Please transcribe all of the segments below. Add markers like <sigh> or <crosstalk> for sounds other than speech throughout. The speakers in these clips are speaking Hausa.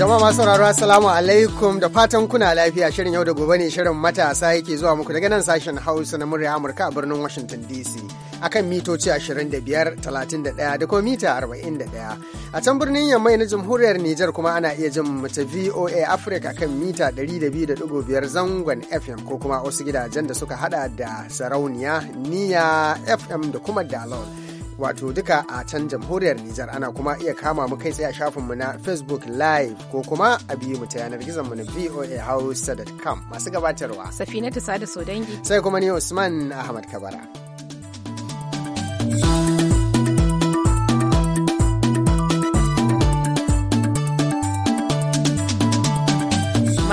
Jama'a masu sauraro Assalamu alaikum da fatan kuna lafiya shirin yau da gobe ne shirin matasa yake zuwa muku daga nan sashen Hausa na murya Amurka a birnin Washington DC akan mitoci 25 31 da kuma mita 41. A can birnin Yammai na Jamhuriyar Nijar kuma ana iya jin mu ta VOA Africa kan mita 200.5 zangon FM ko kuma wasu gidajen da suka hada da sarauniya, niya FM da kuma dalol. wato duka a can jamhuriyar Nijar ana kuma iya kama mu kai tsaye a shafinmu na Facebook Live ko kuma a biyu mu ta yanar gizon mu na voahausa.com masu gabatarwa. Safinatu Sada Sodangi. Sai kuma ni Usman Ahmad Kabara.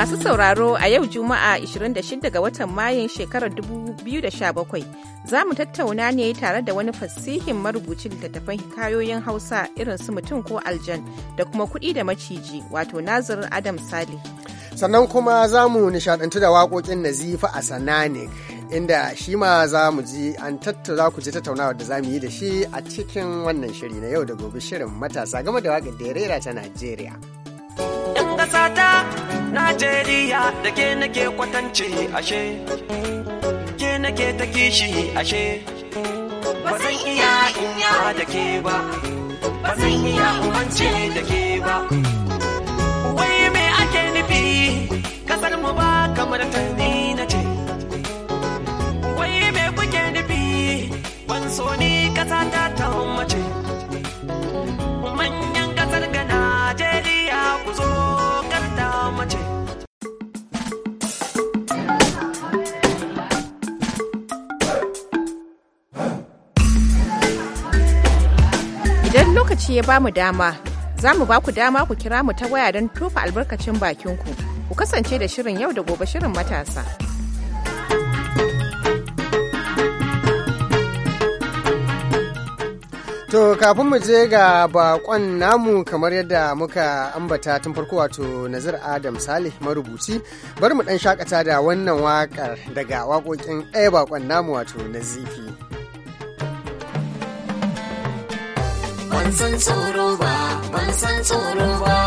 Masu sauraro a yau Juma'a 26 ga watan Mayun shekarar 2017 za mu tattauna ne tare da wani fasihin marubucin littattafan kayoyin Hausa irin su mutum ko aljan da kuma kuɗi da maciji wato Nazir Adam sali Sannan kuma za mu nishadantu da waƙoƙin Nazifa a sanani inda shi ma za mu ji an tattauna ku ji tattaunawa da za mu yi da shi a cikin wannan shiri na yau da gobe shirin matasa game da waƙar da ya rera ta Najeriya. cikin ƙasa ta Najeriya da ke nake kwatance ashe ke nake ta kishi ashe ba zan iya inya da ke ba ba zan iya umance da ke ba wai me ake nufi kasar mu ba kamar ta na ce wai me kuke nufi ban so ni ƙasa ta ta mace ya ba mu dama, za mu ba ku dama ku kira mu ta waya don tufa albarkacin bakinku. Ku kasance da shirin yau da gobe shirin matasa. To kafin mu je ga bakon namu kamar yadda muka ambata tun farko wato Nazir Adam Salih marubuci bari mu dan shakata da wannan wakar daga wakokin ɗaya bakon namu wato Nazifi. ban san tsoro ba ban san tsoro ba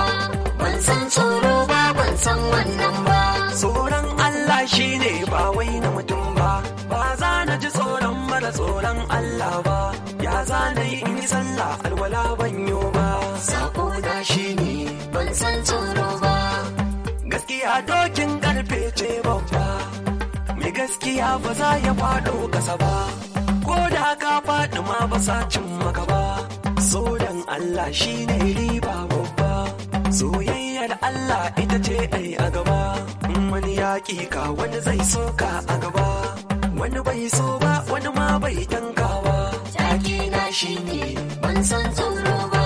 ban san tsoro ba ban san wannan ba tsoron Allah shine ba wai na mutum ba ba za na ji tsoron mara tsoron Allah ba ya za na yi in sallah alwala ban yo ba sako da ne, ban san tsoro ba gaskiya dokin karfe ce babba mai gaskiya ba za ya faɗo gasa ba ko da ka faɗi ma ba sa cin maka ba sodan Allah Allah shine riba babba soyayyar Allah ita ce ai a gaba wani yaƙi ka wani zai so ka a gaba wani bai so ba wani ma bai tankawa taki na shine ban san tsoro ba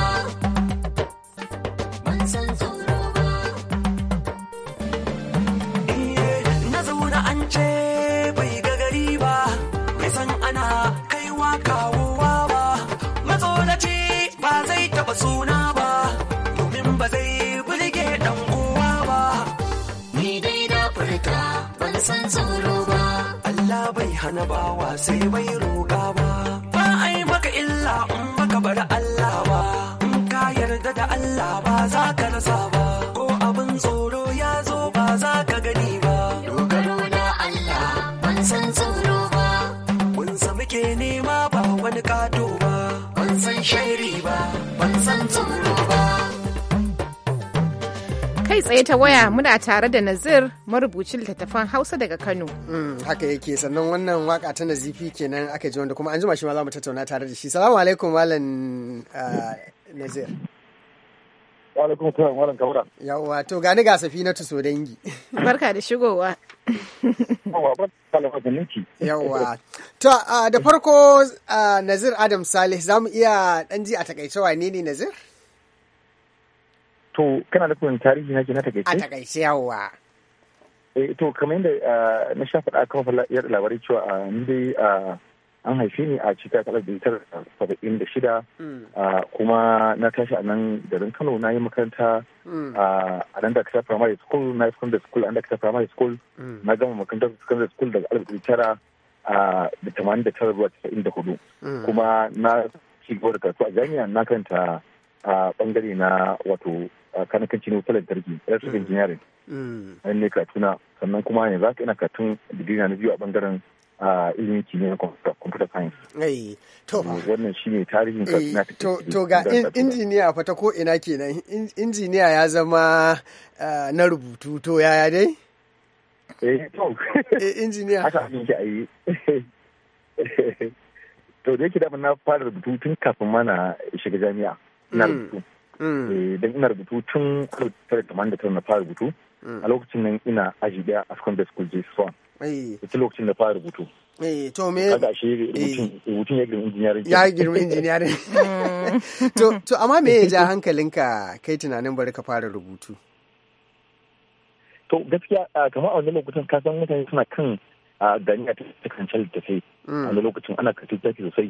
ka bawa sai bai roƙa ba ba a yi maka illa in baka bari Allah ba in ka yarda da Allah ba za ka rasa ba tsaye ta waya muna tare da Nazir marubucin littattafan Hausa daga Kano. Hmm, haka yake sannan wannan waka ta Nazifi kenan aka ji wanda kuma an jima shi ma za mu tattauna tare da shi. Salamu alaikum malam uh, Nazir. Wa alaikum salam malam Kabura. Yawwa to gani ga safi na tuso dangi. Barka da shigowa. Yawwa. To uh, da farko uh, Nazir Adam salih za mu iya ɗanji ji a takaice wane ne Nazir? to kana da kun tarihi na na takaice a takaice yawa eh to kamar yadda ah, na sha faɗa kan yadda labarai cewa ah, ni dai ah, an haife ni a cikin kalar bitar saba'in da shida mm. kuma na tashi a nan garin kano na yi makaranta mm. a nan da kasa primary school na secondary school a nan da kasa primary school mm. na gama makarantar secondary school daga alif da tara da tamanin da tara zuwa casa'in da hudu kuma na ci gaba da karatu a jami'a na kanta a bangare na wato kanakancin wutar lantarki electric mm. engineering mm. nan ne katuna sannan kuma ne za ka ina katun digiri na biyu a bangaren a ilimin na computer science. to. Wannan shi ne tarihin eh, Katsina To ga injiniya fata ko ina kenan, injiniya ya zama na rubutu to yaya dai? Eh, to. Eh, injiniya. Haka abin ki ayi To da yake da na fara rubutu tun kafin mana shiga jami'a. Na mm. rubutu. da ina rubutu tun tara na fara rubutu a lokacin nan ina aji daya a secondary school je swan ita lokacin na fara rubutu to me kaga shi rubutun ya girma injiniyarin ya girma injiniyarin to to amma me ya ja hankalinka kai tunanin bari ka fara rubutu to gaskiya kamar a wani lokutan ka san mutane suna kan a ganiya ta kancan littattafai mm. a lokacin ana karatu littafi sosai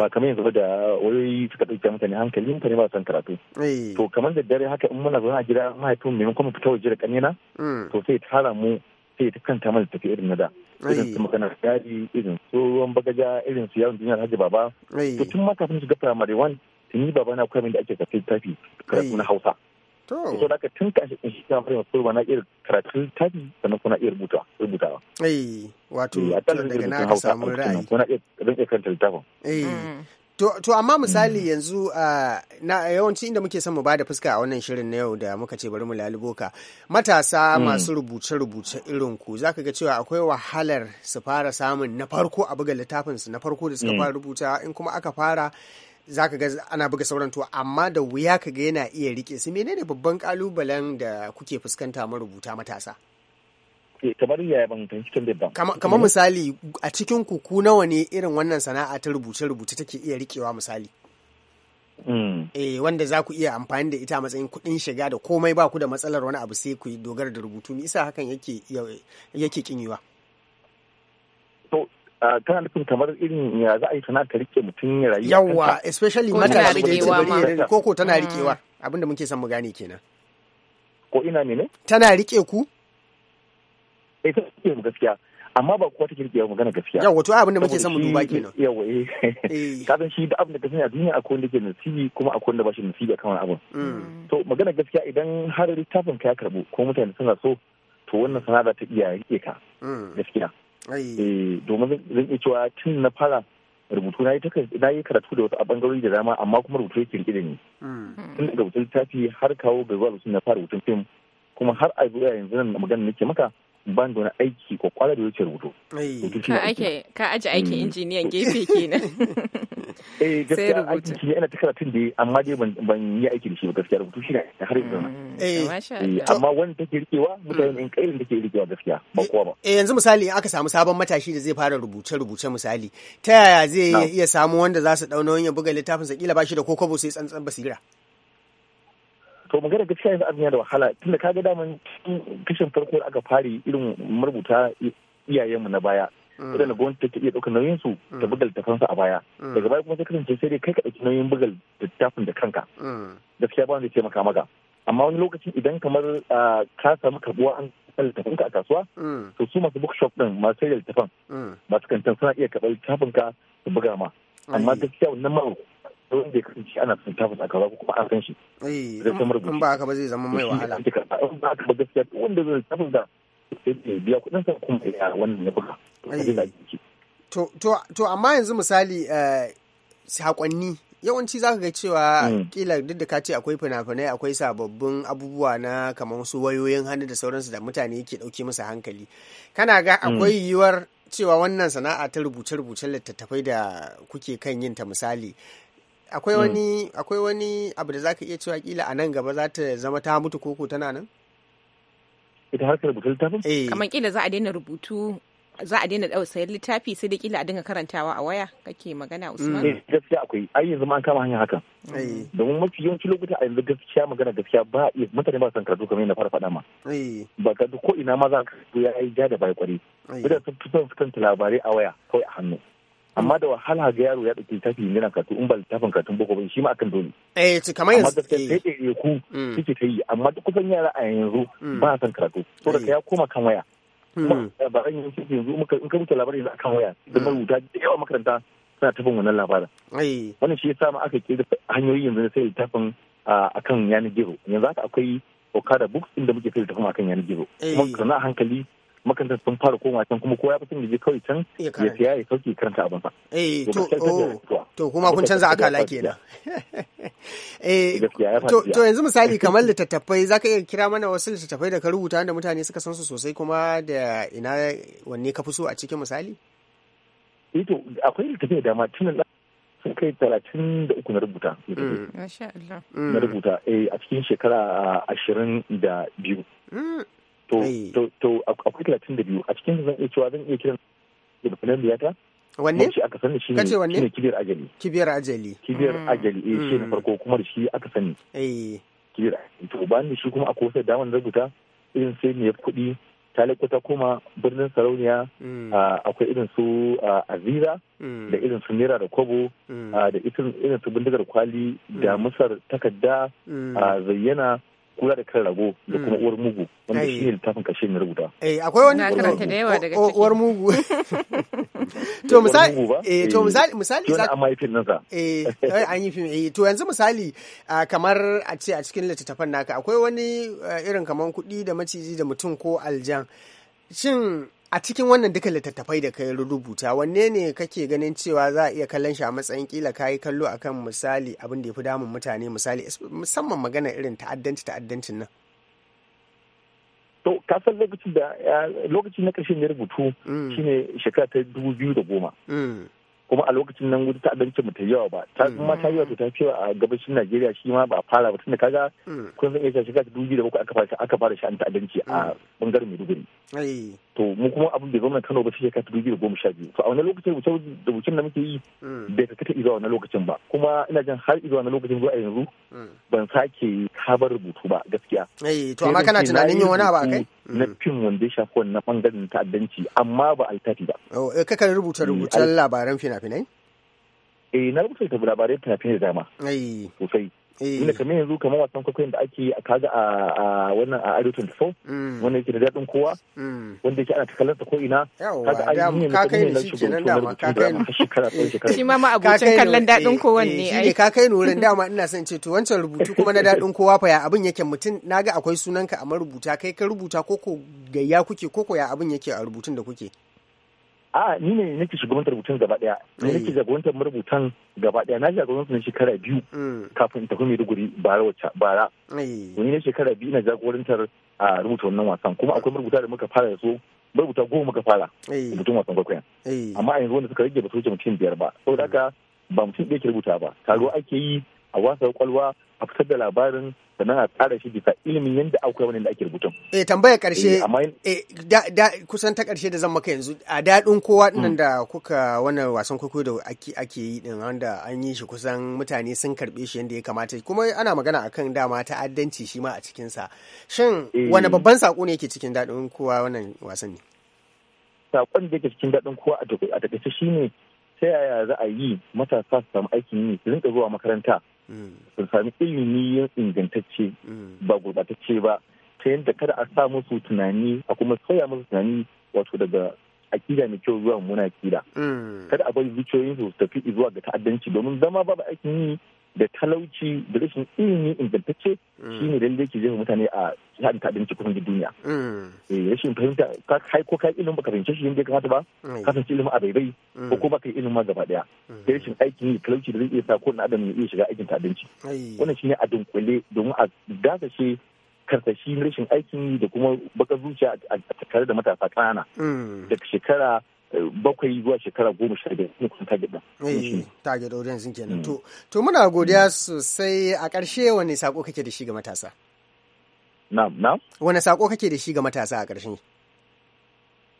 ba kamar yanzu da wayoyi suka ɗauke mutane hankali mutane ba san karatu to kamar da dare haka in muna zaune a gida mahaifin maimakon mu fita waje da kanina mm. to sai tara mu sai ta kanta mana tafi irin na da irin su maganar gari irin su ruwan bagaja irin su yawon duniyar hajji baba to tun maka sun shiga firamare wan tuni baba na kwamin da ake tafi tafi karatu na hausa To. So wato eh, daga na ka samu ra'ayi. Mm. To, amma misali mm. yanzu ah, na yawanci inda muke son mu bada fuska a wannan shirin na yau da muka ce bari mu laluboka matasa mm. masu rubuce-rubuce irin ku za ka ga cewa akwai wahalar su fara samun na farko a buga littafinsu na farko da suka fara rubuta in kuma aka fara za ka ga ana buga sauran to amma da wuya ka ga yana iya rike su menene babban kalubalen da kuke fuskanta marubuta matasa eh, kamar yaya ban fahimci cikin da kamar eh. misali a cikin kuku nawa ne irin wannan sana'a ta rubuce rubuce take iya rikewa misali hmm. eh wanda za ku iya amfani da ita a matsayin kuɗin shiga da komai ba ku da matsalar wani abu sai ku dogara da rubutu nisa hakan yake yake kinyewa tana nufin kamar irin ya za a yi tana ta rike mutum rayu yawa especially mata da yake bari koko tana mm. rikewa abinda muke son mu gane kenan ko ina ne ne tana rike ku eh ta rike mu gaskiya amma ba kowa take rike magana gaskiya yawa to abinda muke son mu duba kenan yawa eh, eh. <laughs> ka san shi da abinda ka sani a duniya akwai wanda ke nasibi kuma akwai wanda ba shi nasibi kan abin mm. to magana gaskiya idan har littafin ka ya karbu ko mutane suna so to wannan sana'a ta iya rike ka mm. gaskiya Eh, domin zan iya cewa tun na fara rubutu na yi karatu da wasu a bangarori da dama amma kuma rubutu yake rike da ni hmm. tun daga rubutun littafi har kawo ga zuwa na fara rubutun fim kuma har a zuwa yanzu nan magana nake maka ban da wani aiki ko kwallo da yake rubutu. Eh. Ka aji aikin mm. injiniyan gefe kenan. <laughs> Eh gaskiya aiki shi ana ta karatun da amma dai ban yi aiki da shi ba gaskiya rubutu shi ne har yanzu. Mm, eh. Eh, amma wani take rikewa mm. mutane in kairin take rikewa gaskiya ba kowa ba. Eh yanzu misali aka samu sabon matashi da zai fara rubuce rubuce misali ta yaya zai iya samu wanda za su dauna wani ya buga littafin sa kila ba shi da kokobo sai tsantsan basira. to magana gaskiya yanzu abin da wahala tunda ga daman kishin farko da aka fari irin marubuta iyayenmu na baya idan mm. da gwamnati take iya ɗaukar nauyin su ta mm. buga littafansa a baya mm. daga baya kuma sai kasance sai dai kai ka ɗauki nauyin buga littafin da kanka gaskiya ba wanda ke taimaka maka amma wani lokacin idan kamar ka samu karbuwa an littafin ka a kasuwa to su masu bookshop din masu sayar littafan masu kantin suna iya karɓar littafin ka su buga ma amma gaskiya wannan maro sai wanda ya kasance ana son tafas a kaza kuma an san shi. Eh, zai ba haka ba zai zama mai wahala. in ba haka ba gaskiya wanda zai tafas da sai biya kuɗin sa kuma ya wannan ya buga. Eh. to to to amma yanzu misali eh, sakonni yawanci zaka ga cewa kila hmm. duk da ka ce akwai fina-finai akwai sababbin abubuwa na kamar su wayoyin hannu da sauransu da mutane yake dauke musu hankali kana ga hmm. akwai yiwuwar cewa wannan sana'a ta rubuce-rubucen littattafai da kuke kan yinta misali akwai hmm. wani akwai wani abu da zaka iya cewa kila a nan gaba za ta zama ta mutu koko tana nan ita harkar rubutu littafin eh kamar kila za a daina rubutu za a daina ɗau sayar littafi sai da kila a dinga karantawa a waya kake magana hmm. Usman. Eh gaskiya akwai ai yanzu ma an kama hanyar hakan. Eh. Domin mafi yawanci lokuta a yanzu gaskiya magana gaskiya ba iya mutane ba san karatu kamar yadda fara faɗa ma. Eh. Ba ka ko ina ma za ka ya yi ja da bai kwari. Idan eh. sun fi son labarai a waya kawai a hannu. amma da wahala ga yaro ya tafi littafi yana karatu in ba littafin karatun boko ba shi ma akan dole eh to kamar yanzu amma da take ku kike ta yi amma duk kusan yara a yanzu mm. ba san karatu to da mm. ya koma kan waya mm. eh, ba ran yanzu yanzu muka in ka rubuta labarin yanzu akan waya da marubuta da yawa makaranta suna tafin wannan labarin wannan shi yasa ma aka kira hanyoyi yanzu na sai littafin akan yanar gizo yanzu haka akwai Okada books inda muke sai littafin akan yanar gizo kuma kana hankali makarantar sun fara koma can kuma kowa ya fi je kawai can ya fiya ya sauke karanta abin fa. eh to oh, to kuma kun canza akala kenan eh to yanzu misali <laughs> kamar littattafai zaka iya kira mana wasu littattafai da ka rubuta da mutane suka san su sosai kuma da ina wanne ka fi so a cikin misali eh to akwai littattafai da dama tunan sun kai talatin da uku na rubuta. Mm. Mm. Na rubuta eh, a cikin shekara ashirin da biyu. Mm. to to akwai talatin da biyu a cikin zan iya cewa zan iya kiran da finan biyata wanne shi aka sani shi ne wanne kibiyar ajali kibiyar ajali kibiyar mm. ajali eh shi na mm. farko kuma da shi aka sani eh kibiyar ajali to bayan da shi kuma akwai wasu damar rubuta irin sai ne kuɗi ta ta kuma birnin sarauniya mm. akwai irin su azira da irin su nera da kobo da irin su bindigar kwali da musar takarda zayyana kula da kan rago da kuma mm. uwar mugu wanda shi ne littafin kashe na rubuta. Eh akwai wani karanta da yawa daga ciki. Uwar mugu. <laughs> To misali eh to eh. misali misali za a mai filmin sa. Eh, eh an yi fim eh to yanzu misali ah, kamar a ce a cikin littattafan naka akwai wani ah, irin kamar kuɗi da maciji da mutum ko aljan. Shin a cikin wannan duka littattafai da kai rubuta wanne ne kake ganin cewa za a iya kallon shi a matsayin kila kayi kallo akan misali abin da ya fi damun mutane misali musamman magana irin ta'addanci ta'addancin nan to kasar lokacin da lokacin na ƙarshen ya rubutu mm. shine shekara ta dubu biyu da goma mm. kuma a lokacin nan wuta ta'addanci mu ta yawa ba ta mm. kuma ta yawa to ta fi a gabashin Najeriya shi ma ba a fara ba tunda kaga kun san iya shekara ta dubu biyu da bakwai aka fara aka fara sha'an ta'addanci a bangaren Maiduguri to mu kuma abin bai zama Kano ba shi shekara ta biyu da goma sha biyu to a wani lokacin da wucin da muke yi hmm. bai ta kata izuwa wani lokacin ba kuma ina jin har izuwa wani lokacin zuwa yanzu hmm. ban sake kabar rubutu ba gaskiya. Eh, to amma kana tunanin yin wani abu a kai? Hmm. Na fim wanda ya shafi wannan bangaren ta'addanci amma ba a littafi ba. Oh eh, kakan rubuta rubutan labaran fina-finai? Eh na rubuta labaran fina-finai da dama. Eh. Sosai. Ina eh. kamar yanzu kamar wasan kwakwai da ake a kaga a wannan a Ado 24 mm. wanda yake da daɗin kowa mm. wanda yake ana takalar ta ko'ina kaga a yi ne ka kai ni shi kenan dama ka kai ni shekara sai shekara shi ma ma abocin kallon daɗin kowa ne ai ka kai ni dama ina son ce to wancan rubutu kuma na daɗin <laughs> kowa fa ya abin yake mutum na ga akwai sunanka a marubuta kai ka rubuta koko gayya kuke koko ya abin yake a rubutun da kuke a ni ne nake shugabantar rubutun gaba daya ne nake eh. jagorantar marubutan gaba daya na jagorantar na shekara biyu hmm. kafin in tafi Maiduguri bara wacce bara eh. ni ne shekara biyu na jagorantar a rubuta wannan wasan kuma akwai marubuta da muka fara da su marubuta goma muka fara eh. rubutun wasan kwaikwayon amma a yanzu wanda suka rage ba su wuce mutum biyar ba saboda haka ba mutum ɗaya ke rubuta ba taro ake yi a wasa kwalwa a fitar da labarin sannan a tsara shi bisa ilimin yadda akwai wani da ake rubutun. Eh tambaya karshe eh, eh, kusan ta karshe da zan maka yanzu a daɗin kowa ɗin da kuka wannan wasan kwaikwayo da ake yi ɗin wanda an yi shi kusan mutane sun karɓe shi yadda ya kamata kuma ana magana akan dama ta'addanci shi ma a cikin sa. Shin eh. wani babban saƙo ne yake cikin daɗin kowa wannan wasan ne? Saƙon da yake cikin daɗin kowa a takaice shine ta yaya za a yi matasa su samu aikin yi su rinka zuwa makaranta su sami ilimi ingantacce mm. ba gurbatacce ba ta yadda kada a sa musu tunani a kuma soya musu tunani wato daga akida mai kyau zuwa muna akida mm. kada a bari zuciyoyin su tafi zuwa ga ta'addanci domin zama babu aikin yi da talauci da rashin ilimi ingantacce mm. shi ne lallai ke jefa mutane a haɗin kaɗin cikin duniya. Mm. Eh, rashin fahimta ka kai ko kai ilimin baka fahimci shi yadda ya kamata ba mm. ka san ilimin a baibai ko kuma ka yi ilimin gaba ɗaya. Da rashin aikin yi talauci da zai iya sa ko na adam ya iya shiga aikin ta'addanci. Wannan shi ne a dunkule domin a dasashe karsashi rashin aikin yi da kuma baka zuciya a tattare da matasa ƙanana. Daga shekara bakwai zuwa shekara goma sha biyar ne kusan target ɗin. Eh, target audience kenan mm. to to muna godiya sosai a ƙarshe wani sako kake da shi ga matasa. Na, na. wani sako kake da shi ga matasa a ƙarshe.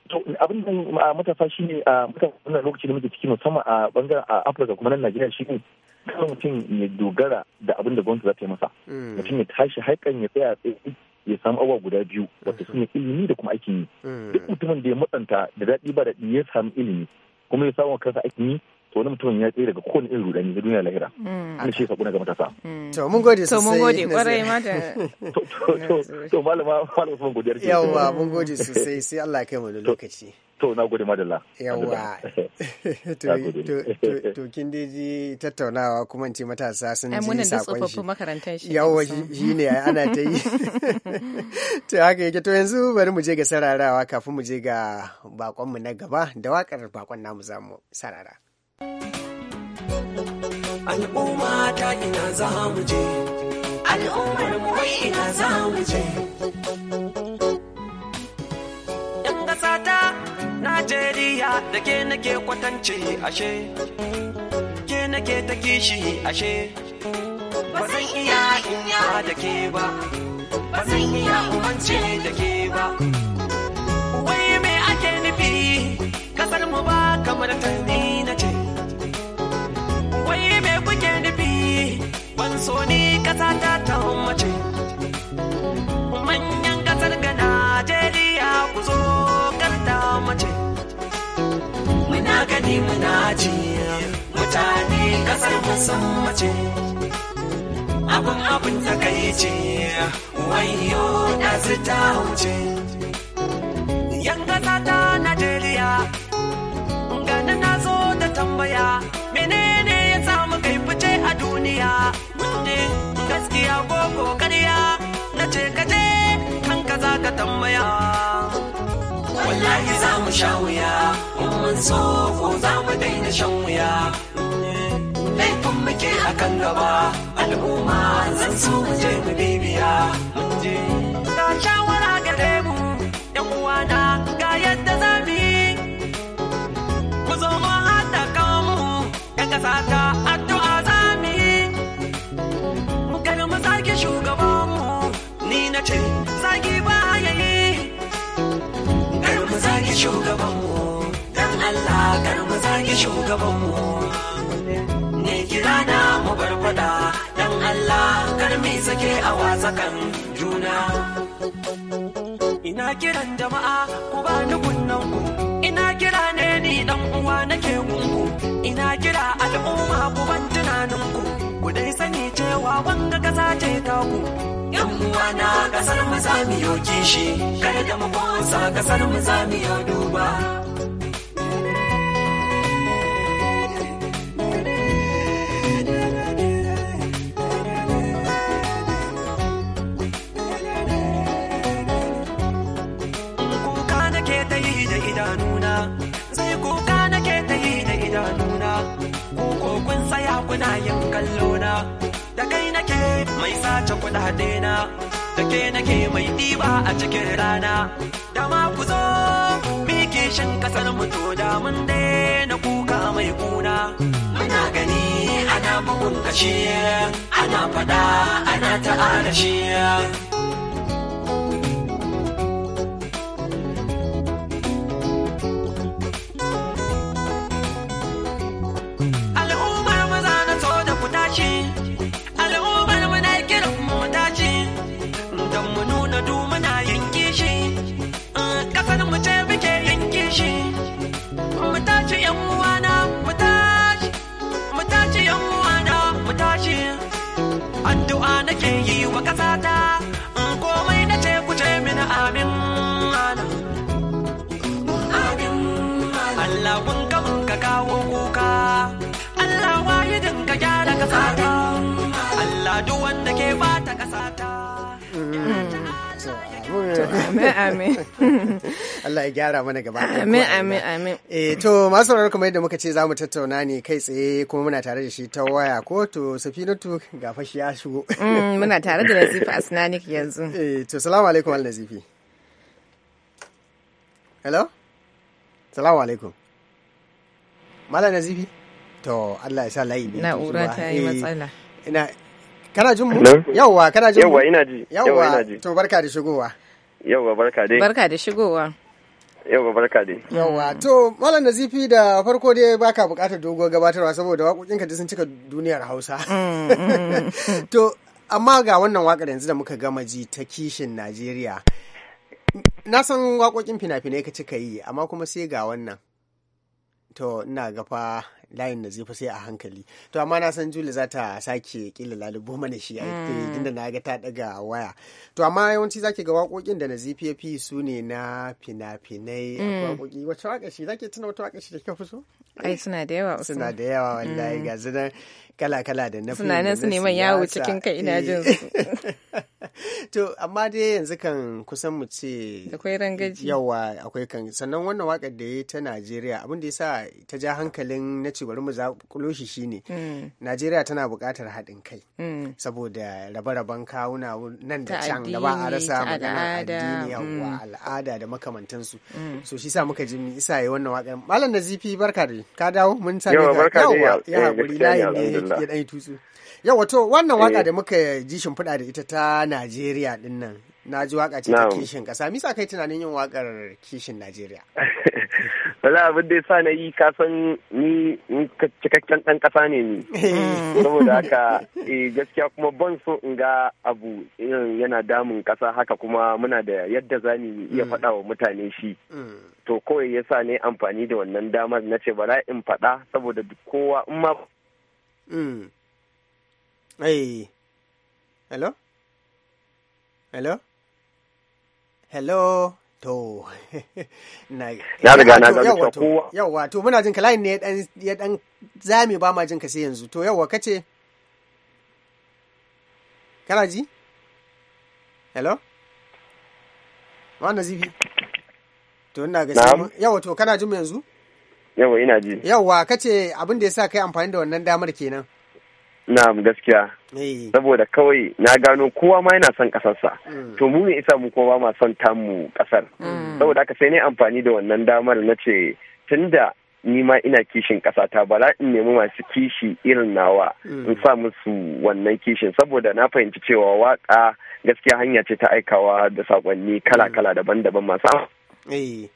to abin da matasa shi ne a wannan lokaci da muke ciki musamman a bangaren a afirka kuma nan najeriya shi ne kan mutum ya dogara da abin da gwamnati za ta yi masa mm. mutum ya tashi haikan ya tsaya tsaye ya samu awa guda biyu wata mm-hmm. su ne ilimi da kuma aikin yi mm-hmm. duk mutumin da ya matsanta da daɗi ba daɗi ya samu ilimi kuma ya samu kansa aikin yi to wani mutumin ya tsere daga kowane irin rudani da duniya lahira mm. ana shi sakuna ga matasa mm. to mun gode sosai to mun gode kwarai ma da <laughs> to malama malama sun godiya yawa mun gode sosai sai Allah ya kai mu da lokaci to na gode madalla yawa <laughs> to kin dai ji tattaunawa kuma ce matasa sun ji sakon shi makarantar shi yawa shi ne ana ta yi <laughs> to haka yake to yanzu bari mu je ga sararawa kafin mu je ga bakon mu na gaba da wakar bakon namu zamu sarara al'umma ta ina za mu je al'ummar mu ina za mu je Najeriya da ke nake kwatance ashe, ke nake ta kishi ashe, ba zan iya inya da ke ba, ba zan iya umance da ke ba. Wai me ake nufi kasar mu ba kamar ta na ce, wai me kuke nufi ban so ni kasa ta ta mace. Manyan kasar ga Najeriya ku zo karta mace. gani muna ji mutane kasar sun mace abin abin takaici wayo na ta wuce yan gata ta najeriya gani na zo da tambaya menene ya samu kai fice a duniya gaskiya ko kokariya na ce kaje kan ka za ka tambaya wallahi za mu sha wuya mun so za mu daina shan wuya laifin muke a kan gaba al'umma zan so mu je mu bibiya mun je ga shawara ga mu yan uwana shugabanmu dan Allah kar mu zagi shugabanmu ne kira na mu bar fada dan Allah kar mu sake a wasakan juna ina kiran jama'a ku ba ni ku ina kira ne uwa nake gunku ina kira al'umma ku ban tunaninku ku dai sani cewa wanga kasa ce taku yan uwa na kasar mu za kishi kada mu kosa kasar mu za duba haɗe na da ke nake mai ɗiba a cikin rana dama ku zo mike shin kasar mutu da mun daina kuka mai kuna muna gani ana bugun kashe ana faɗa ana ta'ala shi 天意。amin amin <laughs> Allah ya gyara mana gaba amin amin amin eh to masu sauraro kuma yadda muka ce za mu tattauna ne kai tsaye kuma muna tare da shi ta waya ko to Safinatu ga fashi ya shigo mm, <laughs> muna tare da Nazifi Asnanik yanzu eh to salamu alaikum al Nazifi hello salamu alaikum mala Nazifi to Allah ya sa layi ne na'ura ta yi eh, matsala ina kana jin mu yawwa kana jin mu yawwa ina ji yawwa to barka da shigowa Yauwa barka dai. Barka da shigowa. Yauwa barka dai. Yauwa to Malam Nazifi da farko dai baka bukatar doguwar gabatarwa saboda waƙoƙinka sun cika duniyar Hausa. Mm, mm. <laughs> To amma ga wannan waƙar yanzu da muka gama ji ta kishin Najeriya. Na san waƙoƙin fina-finai ka cika yi amma kuma sai ga wannan. To ina gafa layin da zai sai a hankali to amma na san juli za ta sake kila lalubo <laughs> mana shi a hmm. eh, tunda na ga ta daga waya to amma yawanci zake ga wakokin da na zpp su ne na fina-finai hmm. wakoki wacce wakashi zake tuna wata wakashi da kyau fi so ai suna da yawa suna da yawa wallahi hmm. ga zinan kala-kala da na suna nan su neman yawo cikin kai ina jin eh. su <laughs> to amma dai yanzu kan kusan mu ce akwai rangaji yawa akwai kan sannan wannan wakar da ya ta Najeriya abin da ya sa ta ja hankalin na ce bari mu za shi shine mm. Najeriya tana buƙatar haɗin kai mm. saboda rabe-raben kawuna nan da can da ba a rasa magana addini yawa mm. al'ada da makamantansu so shi sa muka ji isa yi wannan wakar malam Nazifi barka da ka dawo mun sami ka yawa ya eh, haƙuri layin ne ya dan yi tutsu yau wato wannan waka eh. da muka ji shimfiɗa da ita ta Najeriya din nan na ji waka ce ta kishin kasa misa kai tunanin yin wakar kishin Najeriya <laughs> wala abin da yasa na yi kasan ni cikakken ɗan ƙasa ne ni eh. saboda haka <laughs> eh, gaskiya kuma ban so in ga abu yana damun ƙasa haka kuma muna da yadda za mu iya mm. faɗa wa mutane shi mm. to kawai yasa ne amfani da wannan damar na ce bala in faɗa saboda kowa in ma Hmm. Hello? Hello? Hello? To, <laughs> na na kowa. Yawwa, to muna jin ne ya dan zame ba ma jin ka sai yanzu. To yawwa kace Kana ji? Hello? Ma'ana zifi? To ina ga yawa to kana jin yanzu? yawa ina ji yawa kace abin da ya sa kai amfani da wannan damar kenan na'am gaskiya eh. saboda kawai na gano kowa ma yana son kasarsa mm. to mu ne isa mu kowa ma son tamu kasar mm. saboda haka sai ne amfani da wannan damar na ce tunda ni ma ina kishin kasata bala in nemi masu kishi irin nawa mm. in sa musu wannan kishin saboda na fahimci cewa waka gaskiya hanya ce ta aikawa da sakonni kala-kala daban-daban masu eh.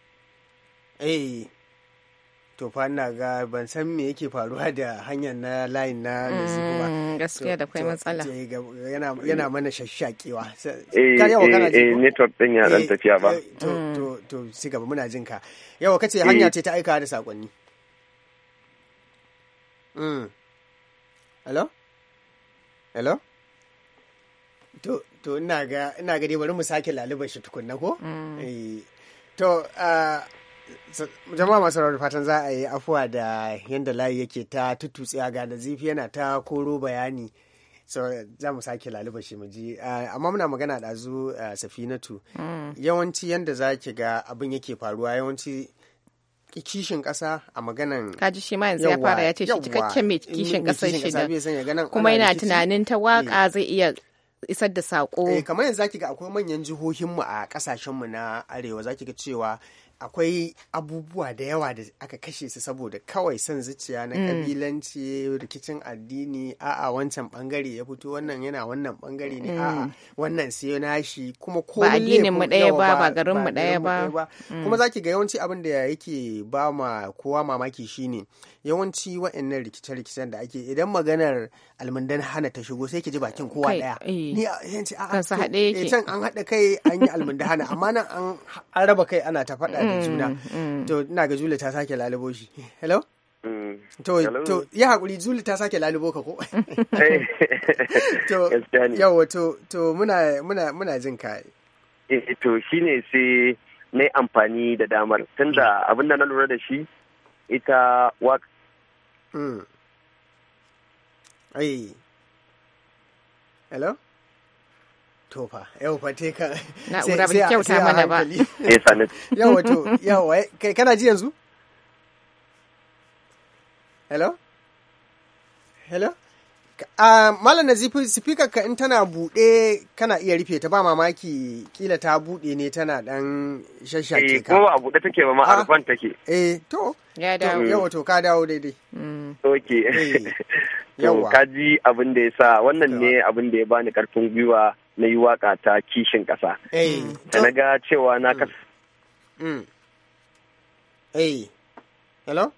Eh. to fa ina ga ban san me yake faruwa da hanyar na layin na Mexico mm, ba gaskiya da kai matsala yana mm. mana shashakewa eh eh, eh network din ya dan eh, tafiya ba eh, mm. to to to sai gaba muna jin ka yawa kace hanya ce ta aika da sakonni mm hello hello to to ina ga ina ga dai bari mu sake lalubar shi tukunna ko eh to ah, jama'a masu rawar fatan za a yi afuwa da yadda layi yake ta a ga zifi yana ta koro bayani so za mu sake laluba shi mu ah, amma muna magana da zu ah, safinatu mm. yawanci yadda za ki ga abin yake faruwa yawanci kishin ƙasa a maganan kaji shi ma yanzu ya fara ya ce shi cikakken mai kishin kasa shi da kuma yana tunanin ta waka eh. zai iya isar da saƙo. Eh, kamar yanzu zaki ga akwai manyan jihohinmu a ƙasashenmu na arewa zaki ga cewa akwai abubuwa da yawa da aka kashe su saboda kawai son zuciya na kabilanci mm. rikicin addini a'a wancan bangare ya fito wannan yana wannan bangare ne mm. a'a wannan sai nashi kuma ko ba addinin mu daya ba ba garin mu daya ba mm. kuma zaki ga yawanci abin da yake ba ma kowa mamaki shine yawanci wa'annan rikice-rikicen da ake idan maganar almundan hana ta shigo sai ki ji bakin kowa daya eh. ni yanci a'a eh, can an haɗa kai an yi almundan hana amma nan an raba kai ana ta faɗa da mm, juna mm. to ina ga juli ta sake lalubo shi hello mm. To, to, ya hakuri Juli ta sake lalubo ka ko? Eh. <laughs> To, <laughs> yawa, to, to muna, muna, muna jin ka. Eh, to, shi ne sai na yi amfani da damar, tunda abin da na lura da shi ita wak. Ai. Hello? Tofa yau fa te ka na'ura <laughs> ba kyauta mana ba eh salut <laughs> yau to yau kai kana ji yanzu hello hello Uh, Malam Nazifi speaker ka in tana buɗe kana iya rufe ta ba mamaki kila ta buɗe ne tana ɗan shashake eh, ka. Eh, ko a bude take ba ma arfan ah. take. Eh, to. Ya dawo. yau to ka dawo daidai. Mm. Ok. Eh, <laughs> Yawa. Ka ji abin da ya sa wannan ne abin da ya bani karfin gwiwa na yi waka ta kishin ƙasa. Eh. Da na ga cewa na kasa. Mm. Mm. Eh, hello?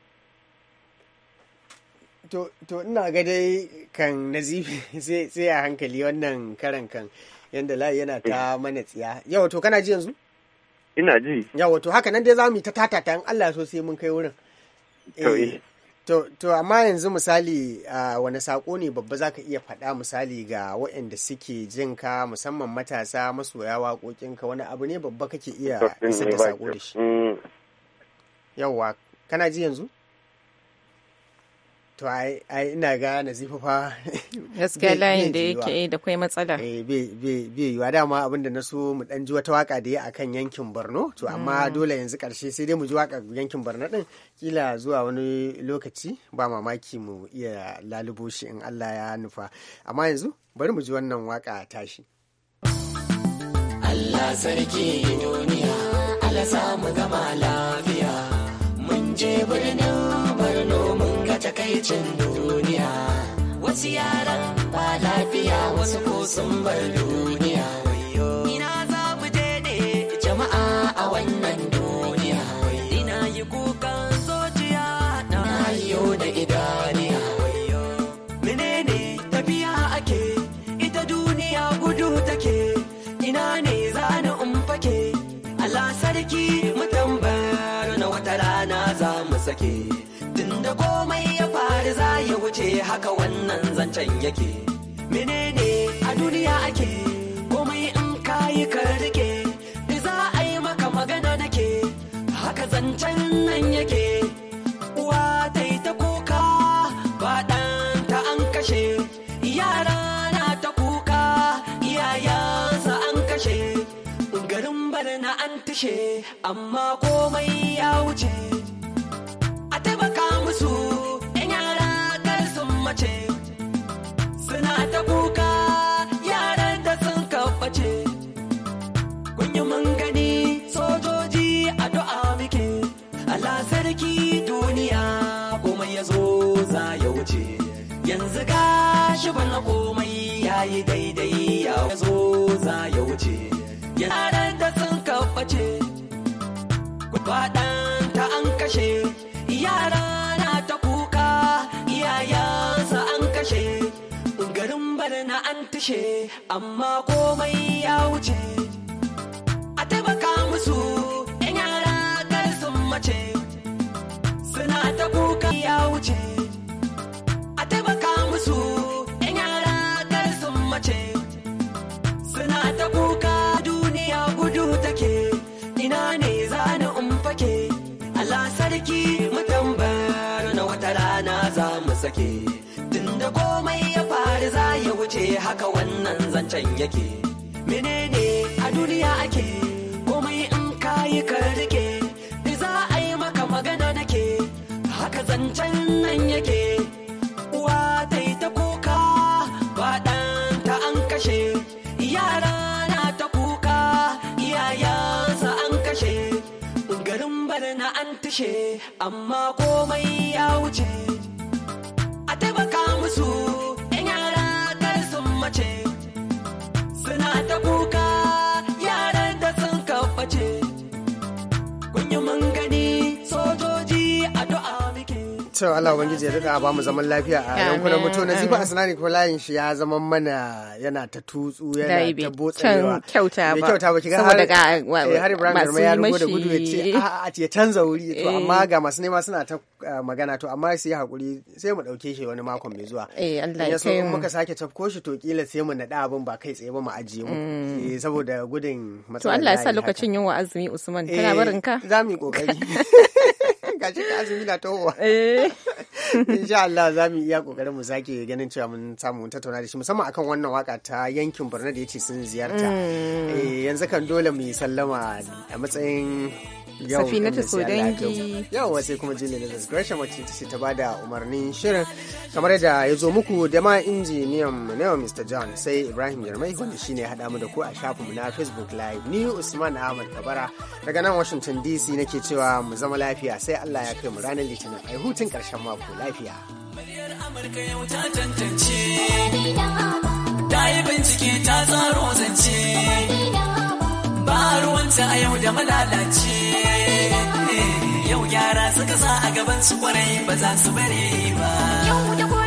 To, ina ga dai kan nazifi <laughs> sai a hankali wannan karan kan yadda layi yana ta eh. mana tsiya. Yau, to kana ji yanzu? Ina ji. Yau, to haka nan dai za mu yi ta tatata in Allah so sai mun kai wurin. To, eh. eh. To, amma yanzu misali uh, wani sako ne babba za ka iya faɗa misali ga waɗanda suke jin ka musamman matasa masoya waƙoƙin ka, wani abu ne babba kake iya isar da saƙo da shi. Mm. Yawwa, kana ji yanzu? to ai ina ga nazifa fa gaskiya layin da yake da kai matsala eh yiwa dama abin da na so mu dan ji wata waka da ya akan yankin Borno to amma mm. dole yanzu karshe sai dai mu ji waka yankin Borno din kila zuwa wani lokaci ba mamaki mu iya lalubo shi in Allah ya nufa amma yanzu bari mu ji wannan waka tashi Allah sarki duniya Allah samu gama lafiya mun je birnin ke duniya wasu yaran ba lafiya wasu ko sun bar duniya ina za mu je ne jama'a a wannan duniya ina yi kukan sojiya na yo da idaniya menene tafiya ake ita duniya gudu take ina ne za ni umfake ala sarki mu tambar na wata rana za mu sake tunda komai nan zancen yake menene a duniya ake komai in kayi ka rike ni za a yi maka magana nake haka zancen nan yake uwa ta yi ta kuka ba ta an kashe yara na ta kuka iyayensa an kashe garin barna an tashe amma komai ya wuce a taimaka musu 'yan yara mace na komai ya yi daidai ya zo za ya wuce yaran da sun kaface ta an kashe yara na ta kuka iyayensa an kashe garin na an tashe amma komai ya wuce a taimaka musu yan yara kar sun mace suna ta kuka ya wuce sake tunda komai ya faru za ya wuce haka wannan zancen yake menene a duniya ake komai in kayi ka rike za a yi maka magana nake haka zancen nan yake uwa ta yi ta kuka ba ɗanta ta an kashe yara na ta kuka iyayensa an kashe garin na an tushe amma komai ya wuce To Allah Ubangiji ya daɗa ba mu zaman lafiya a yankunan mutu na zifa asinani ko layin shi ya zama mana yana ta tutsu yana ta botsewa kyauta ba. kyauta ba ki ga eh, har Ibrahim Garma ya rugo da gudu ya ce a ah, ah, ah, ya canza wuri to eh. amma ga masu nema suna ta eh, magana to amma sai hakuri sai mu ɗauke shi wani makon mai zuwa. Eh Allah ya kai mu. muka sake tafko shi to kila sai mu naɗa abin ba kai tsaye ba mu ajiye mu. Mm. Saboda gudun matsalar. To Allah ya sa lokacin yin wa azumi Usman tana barin ka. Za mu yi kokari <laughs> ga ka azumi na tahowa in <laughs> eh. <laughs> insha Allah za mu iya kokarin mu sake ganin cewa mun samu mun tattauna da shi musamman akan wannan waka ta yankin Borno da yace sun ziyarta mm. eh yanzu kan dole mu yi sallama a matsayin safinatu so dangi yawa sai kuma jini da gresham wacce ta ce ta bada umarnin shirin kamar da ya zo muku da ma injiniyan mu mr john sai ibrahim yarmai wanda shine hada mu da ku a shafin mu na facebook live ni usman ahmad kabara daga nan washington dc nake cewa mu zama lafiya sai allah ya kai mu ranar litinin ai hutun karshen mako lafiya ta yi bincike ta zaro zance. ba ruwanta a yau da malalace eh, yau gyara suka sa a gaban su kwarai ba za su bare ba yau da